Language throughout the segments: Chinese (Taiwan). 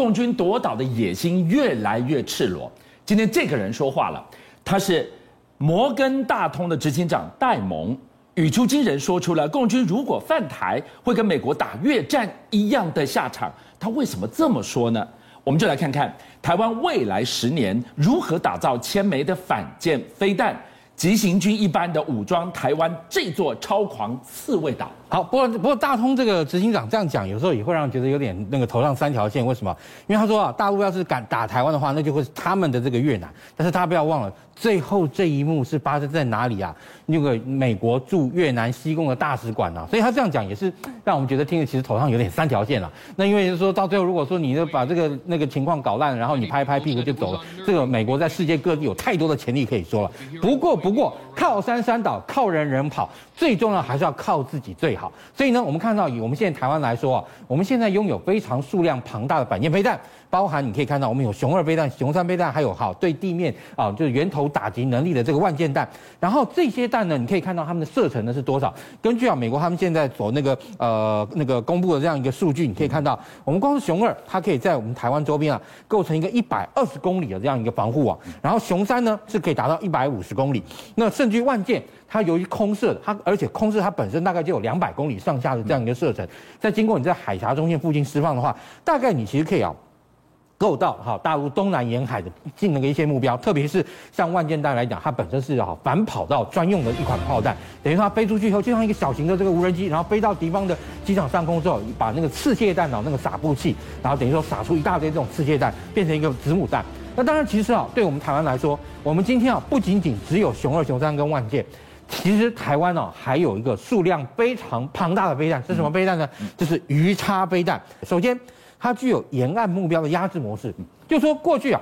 共軍奪島的野心越來越赤裸。今天這個人說話了，他是摩根大通的執行長戴蒙，語出驚人，說出了共軍如果犯台，會跟美國打越戰一樣的下場。他為什麼這麼說呢？我們就來看看台灣未來十年如何打造千枚的反艦飛彈。急行軍一般的武裝台灣這座超狂刺蝟島。好，不過不過大通這個執行長這樣講，有時候也會讓人覺得有點那個頭上三條線。為什麼？因為他說啊，大陸要是敢打台灣的話，那就會是他們的這個越南。但是他不要忘了，最後這一幕是發生在哪裡啊？那個美國駐越南西貢的大使館啊。所以他這樣講也是讓我們覺得聽着其實頭上有點三條線了啊。那因為就是說到最後，如果說你就把這個那個情況搞爛，然後你拍一拍屁股就走了，這個美國在世界各地有太多的前例可以說了。不過不。不過。靠山山倒，靠人人跑，最重要還是要靠自己最好。所以呢，我們看到以我們現在台灣來說啊，我們現在擁有非常數量龐大的反艦飛彈，包含你可以看到我們有雄二飛彈、雄三飛彈，還有好對地面啊，就是源頭打擊能力的這個萬劍彈。然後這些彈呢，你可以看到它們的射程呢是多少？根據啊美國他們現在所那個呃那個公布的這樣一個數據，你可以看到我們光是雄二，它可以在我們台灣周邊啊構成一個一百二十公里的這樣一個防護網，然後雄三呢是可以達到一百五十公里，那甚。據萬劍，它由於空射，它而且空射它本身大概就有兩百公里上下的這樣一個射程，在、嗯、經過你在海峽中線附近釋放的話，大概你其實可以啊，夠到哈大陸東南沿海的近那個一些目標，特別是像萬劍彈來講，它本身是好反跑道專用的一款炮彈，等於說它飛出去以後，就像一個小型的這個無人機，然後飛到敵方的機場上空之後，把那個刺械彈腦那個撒布器，然後等於說撒出一大堆這種刺械彈，變成一個子母彈。那當然，其實啊，對我們台灣來說，我們今天啊，不僅僅只有雄二、雄三跟萬劍。其實台灣呢、啊，還有一個數量非常龐大的飛彈。是什麼飛彈呢？嗯、就是魚叉飛彈。首先，它具有沿岸目標的壓制模式，就說過去啊，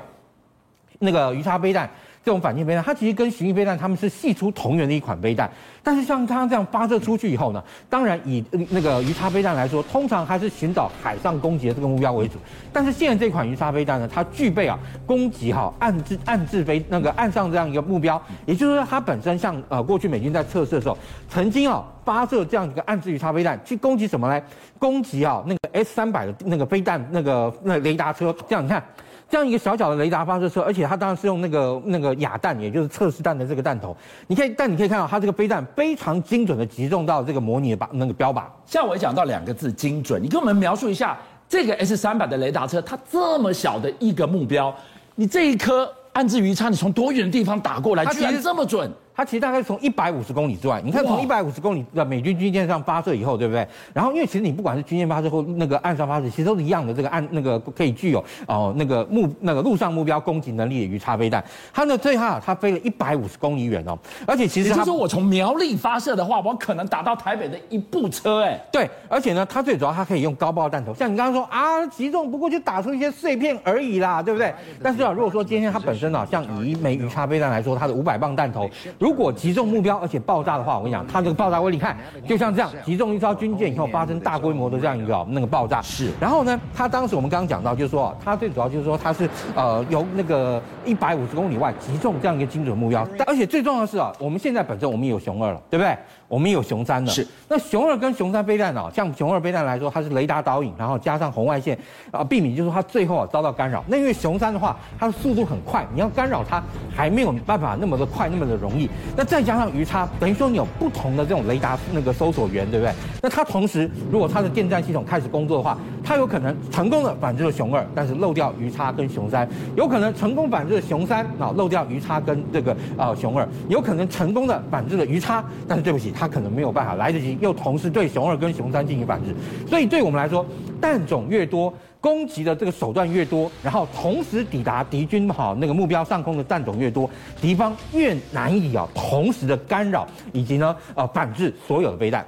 那個魚叉飛彈。這種反艦飛彈，它其實跟巡弋飛彈，它們是系出同源的一款飛彈。但是像它這樣發射出去以後呢，當然以那個魚叉飛彈來說，通常還是尋找海上攻擊的這個目標為主。但是現在這款魚叉飛彈呢，它具備啊攻擊哈岸置岸置飛那個岸上這樣一個目標。也就是說，它本身像呃過去美軍在測試的時候，曾經啊發射這樣一個岸置魚叉飛彈去攻擊什麼呢？攻擊啊那個 S 三百的那個飛彈那個那雷達車。這樣你看。這樣一個小小的雷達發射車，而且它當然是用那個那個啞彈，也就是測試彈的這個彈頭。你可以，但你可以看到它這個飛彈非常精準的集中到這個模擬的靶那個標靶。像我講到兩個字精準，你給我們描述一下這個 S 三百的雷達車，它這麼小的一個目標，你這一顆岸置魚叉，你從多遠的地方打過來，居然，居然這麼準？它其實大概從一百五十公里之外，你看從一百五十公里的美軍軍艦上發射以後，對不對？然後因為其實你不管是軍艦發射或那個岸上發射，其實都是一樣的，這個岸那個可以具有哦、呃、那個目那個陸上目標攻擊能力的魚叉飛彈。它呢最後它飛了一百五十公里遠哦，而且其實你說我從苗栗發射的話，我可能打到台北的一部車哎、欸。對，而且呢它最主要它可以用高爆彈頭，像你剛剛說啊擊中不過就打出一些碎片而已啦，對不對？嗯、但是啊、嗯、如果說今天它本身啊像以一枚魚叉飛彈來說，它、嗯、的五百磅彈頭些如如果擊中目標而且爆炸的話，我跟你講，它這個爆炸威力，你看就像這樣，擊中一艘軍艦以後發生大規模的這樣一個那個爆炸。是，然後呢，它當時我們剛剛講到，就是說它最主要就是說它是呃由那個一百五十公里外擊中這樣一個精準目標，但而且最重要的是啊，我們現在本身我們也有雄二了，對不對？我們有雄三的，是那雄二跟雄三飛彈啊，像雄二飛彈來說，它是雷達導引，然後加上紅外線啊，避免就是它最後啊遭到干擾。那因為雄三的話，它的速度很快，你要干擾它還沒有辦法那麼的快，那麼的容易。那再加上魚叉，等於說你有不同的這種雷達那個搜索源，對不對？那它同時如果它的電戰系統開始工作的話，它有可能成功的反制了雄二，但是漏掉魚叉跟雄三；有可能成功反制了雄三啊，漏掉魚叉跟這個啊、呃、雄二；有可能成功的反制了魚叉，但是對不起。他可能沒有辦法來得及，又同時對雄二跟雄三進行反制，所以對我們來說，彈種越多，攻擊的這個手段越多，然後同時抵達敵軍好那個目標上空的彈種越多，敵方越難以啊同時的干擾以及呢呃反制所有的飛彈，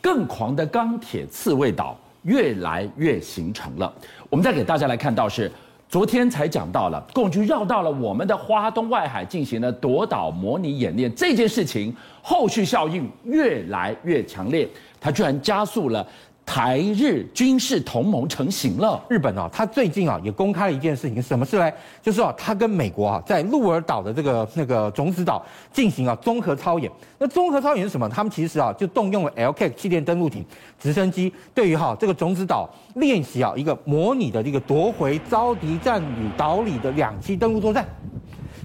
更狂的鋼鐵刺蝟島越來越形成了。我們再給大家來看到是。昨天才講到了，共軍繞到了我們的花東外海，進行了奪島模擬演練。這件事情後續效應越來越強烈，它居然加速了。台日軍事同盟成型了。日本啊，他最近啊也公開了一件事情，什麼事呢？就是啊，他跟美國啊在鹿兒島的這個那個種子島進行了，啊、綜合操演。那綜合操演是什麼？他們其實啊就動用了 LCAC 氣墊登陸艇、直升機，對於哈、啊、這個種子島練習啊一個模擬的這個奪回遭敵占領島嶼的兩棲登陸作戰。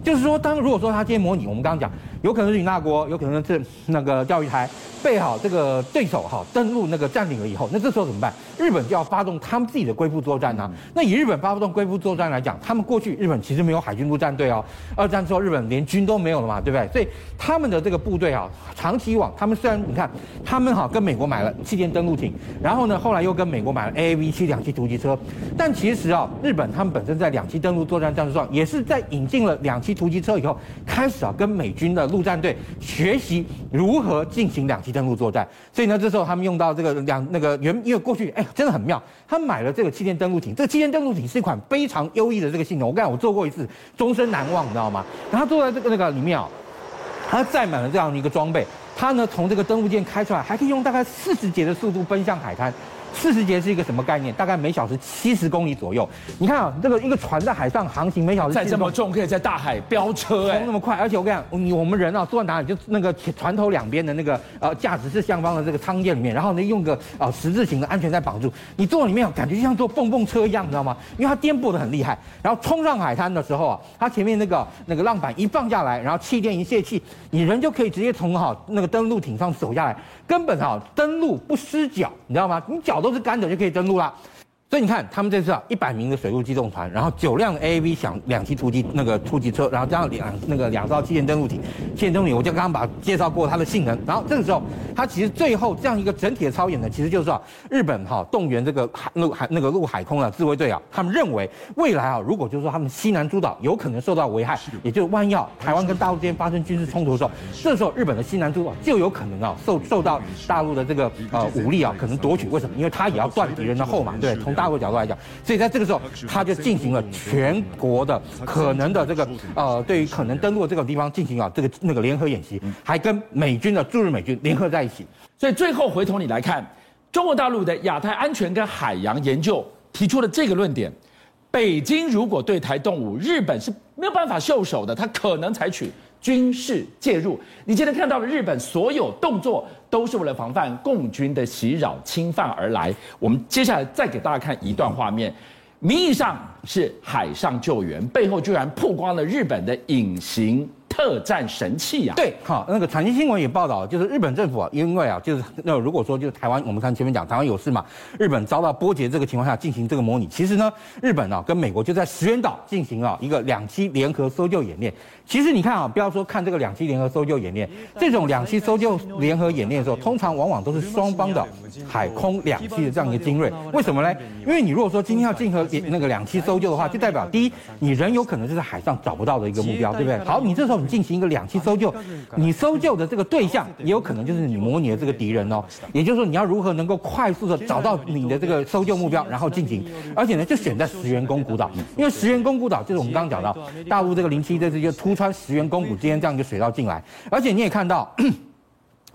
就是說，當如果說他今天模擬，我們剛剛講。有可能是與那國有可能是那個釣魚台，備好這個對手哈，登陸那個占領了以後，那這時候怎麼辦？日本就要發動他們自己的歸復作戰吶、啊。那以日本發動歸復作戰來講，他們過去日本其實沒有海軍陸戰隊哦。二戰之後，日本連軍都沒有了嘛，對不對？所以他們的這個部隊啊，長期以往，他們雖然你看，他們哈跟美國買了氣墊登陸艇，然後呢，後來又跟美國買了 A A V 七兩棲突擊車，但其實啊，日本他們本身在兩棲登陸作戰戰術上，也是在引進了兩棲突擊車以後，開始啊跟美軍的。陸戰隊學習如何進行兩棲登陸作戰，所以呢，這時候他們用到這個兩那個原，因為過去哎真的很妙，他買了這個氣墊登陸艇，這個氣墊登陸艇是一款非常優異的這個性能。我跟你講，我做過一次，終身難忘，你知道嗎？然後坐在這個那個裡面哦，他載滿了這樣的一個裝備，他呢從這個登陸艦開出來，還可以用大概四十節的速度奔向海灘。四十節是一個什麼概念？大概每小時七十公里左右。你看啊，這個一個船在海上航行，每小時載這麼重，可以在大海飆車哎、欸，衝那麼快。而且我跟你講，你我們人啊坐在哪裡？就那個船頭兩邊的那個呃駕駛室上方的這個艙墊裡面，然後你用個啊、呃、十字形的安全帶綁住，你坐裡面、啊、感覺就像坐蹦蹦車一樣，你知道嗎？因為它顛簸得很厲害。然後衝上海灘的時候啊，它前面那個那個浪板一放下來，然後氣墊一泄氣，你人就可以直接從好、啊、那個登陸艇上走下來，根本哈、啊、登陸不濕腳，你知道嗎？你腳。都是乾的，就可以登陸了。所以你看，他們這次啊，一百名的水陸機動團，然後九輛 AAV 想兩棲突擊那個突擊車，然後加上兩那個兩艘氣墊登陸艇，氣墊登陸艇，我就剛剛把他介紹過它的性能。然後這個時候，它其實最後這樣一個整體的操演呢，其實就是說、啊，日本哈、啊、動員這個海陸海那個陸海空啊自衛隊啊，他們認為未來啊，如果就是說他們西南諸島有可能受到危害，是也就是萬一啊台灣跟大陸之間發生軍事衝突的時候，這時候日本的西南諸島就有可能啊受受到大陸的這個呃武力啊可能奪取。為什麼？因為它也要斷敵人的後嘛，對，從大。大國角度來講，所以在這個時候，他就進行了全國的可能的這個呃，對於可能登陸這個地方進行啊這個那個聯合演習，還跟美軍的駐日美軍聯合在一起。所以最後回頭你來看，中國大陸的亞太安全跟海洋研究提出了這個論點：北京如果對台動武，日本是沒有辦法袖手的，他可能採取。軍事介入，你今天看到的日本所有動作，都是為了防範共軍的襲擾、侵犯而來。我們接下來再給大家看一段畫面，名義上是海上救援，背後居然曝光了日本的隱形。特戰神器啊，對，好，那個財經新聞也報道，就是日本政府啊，因為啊，就是那如果說就是台灣，我們看前面講台灣有事嘛，日本遭到波及這個情況下進行這個模擬。其實呢，日本啊跟美國就在石垣島進行了一個兩棲聯合搜救演練。其實你看啊，不要說看這個兩棲聯合搜救演練，這種兩棲搜救聯合演練的時候，通常往往都是雙方的海空兩棲的這樣一個精銳。為什麼呢？因為你如果說今天要進行那個兩棲搜救的話，就代表第一，你人有可能就是海上找不到的一個目標，對不對？好，你這時候。進行一個兩棲搜救，你搜救的這個對象也有可能就是你模擬的這個敵人哦。也就是說，你要如何能夠快速的找到你的這個搜救目標，然後進行。而且呢，就選在石垣宮古島，因為石垣宮古島就是我們剛剛講到大陸這個零七，這次就突穿石垣宮古之間這樣一個水道進來。而且你也看到。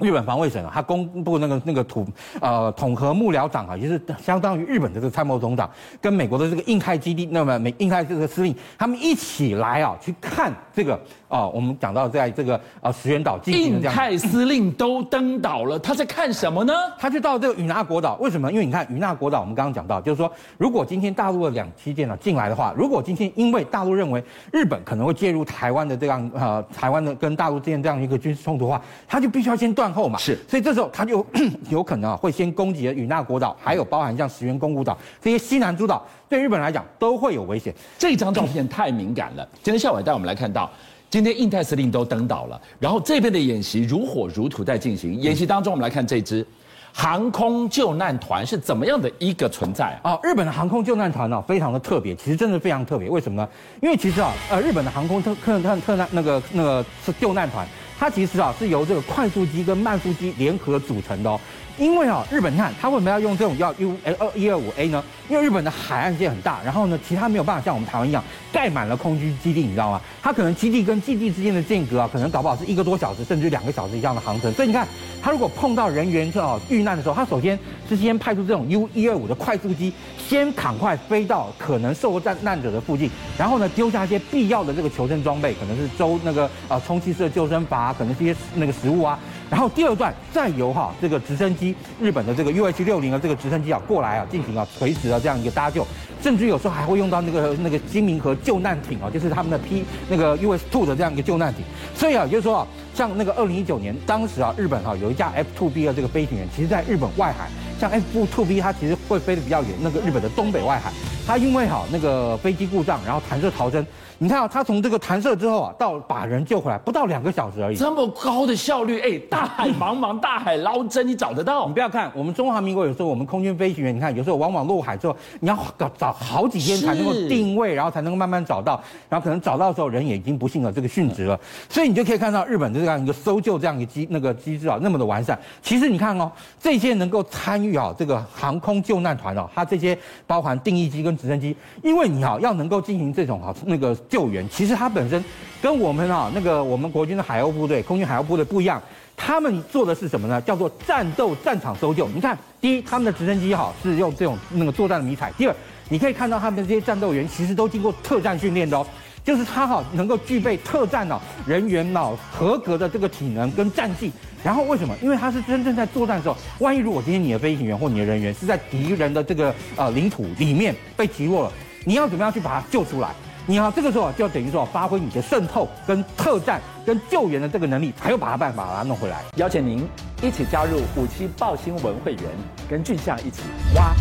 日本防衛省啊，他公布那個那個統呃統合幕僚長啊，就是相當於日本的這個參謀總長，跟美國的這個印太基地，那麼美印太這個司令，他們一起來啊去看這個啊、呃，我們講到在這個呃石垣島，進行這樣，印太司令都登島了，他在看什麼呢？嗯、他就到這個與那國島，為什麼？因為你看與那國島，我們剛剛講到，就是說，如果今天大陸的兩棲艦啊進來的話，如果今天因為大陸認為日本可能會介入台灣的這樣啊、呃、台灣的跟大陸之間這樣一個軍事衝突的話，他就必須要先斷。後嘛，是，所以這時候他就 有可能啊會先攻擊了與那國島，還有包含像石垣宮古島、嗯、這些西南諸島，對日本人來講都會有危險。這張照片太敏感了。嗯、今天下午也帶我們來看到，今天印太司令都登島了，然後這邊的演習如火如荼在進行。嗯、演習當中，我們來看這支航空救難團是怎麼樣的一個存在啊？哦、日本的航空救難團呢、啊，非常的特別，其實真的非常特別。為什麼呢？因為其實啊，呃，日本的航空特特特特難那個那個是救難團。它其實啊，是由這個快速機跟慢速機聯合組成的哦。因為啊、哦，日本他他為什麼要用這種叫 U L 2一二五 A 呢？因為日本的海岸線很大，然後呢，其他沒有辦法像我們台灣一樣蓋滿了空軍基地，你知道嗎？他可能基地跟基地之間的間隔啊，可能搞不好是一個多小時，甚至兩個小時以上的航程。所以你看，他如果碰到人員正好、啊、遇難的時候，他首先是先派出這種 U 一二五的快速機，先趕快飛到可能受過戰難者的附近，然後呢，丟下一些必要的這個求生裝備，可能是周那個啊充氣式的救生筏、啊，可能這些那個食物啊。然後第二段再由哈、啊、這個直升機，日本的這個 UH-60 的這個直升機啊過來啊進行啊垂直的、啊、這樣一個搭救，甚至有時候還會用到那個那個新明和救難艇啊，就是他們的 P 那個 US-2 的這樣一個救難艇，所以啊就是說啊。像那個二零一九年，當時啊，日本哈、啊、有一架 F2B 的這個飛行員，其實在日本外海，像 F2B 它其實會飛得比較遠。那個日本的東北外海，它因為哈、啊、那個飛機故障，然後彈射逃生。你看啊，它從這個彈射之後啊，到把人救回來不到兩個小時而已，這麼高的效率，哎，大海茫茫，大海撈針，你找得到？ 你不要看我們中華民國有時候我們空軍飛行員，你看有時候往往落海之後，你要搞找好幾天才能夠定位，是然後才能夠慢慢找到，然後可能找到的時候人也已經不幸了這個殉職了。所以你就可以看到日本這個。這樣一個搜救這樣一個機那個機制啊，那麼的完善。其實你看哦，這些能夠參與啊這個航空救難團哦、啊，它這些包含定翼機跟直升機，因為你啊要能夠進行這種啊那個救援，其實它本身跟我們啊那個我們國軍的海鷗部隊、空軍海鷗部隊不一樣，他們做的是什麼呢？叫做戰鬥戰場搜救。你看，第一，他們的直升機哈、啊、是用這種那個作戰的迷彩；第二，你可以看到他們這些戰鬥員其實都經過特戰訓練的哦。就是他哈，能夠具備特戰腦人員腦合格的這個體能跟戰技，然後為什麼？因為他是真正在作戰的時候，萬一如果今天你的飛行員或你的人員是在敵人的這個呃領土裡面被擊落了，你要怎麼樣去把他救出來？你要這個時候就要等於說發揮你的滲透跟特戰跟救援的這個能力，才有把辦法把他弄回來。邀請您一起加入57爆新聞會員，跟俊相一起挖。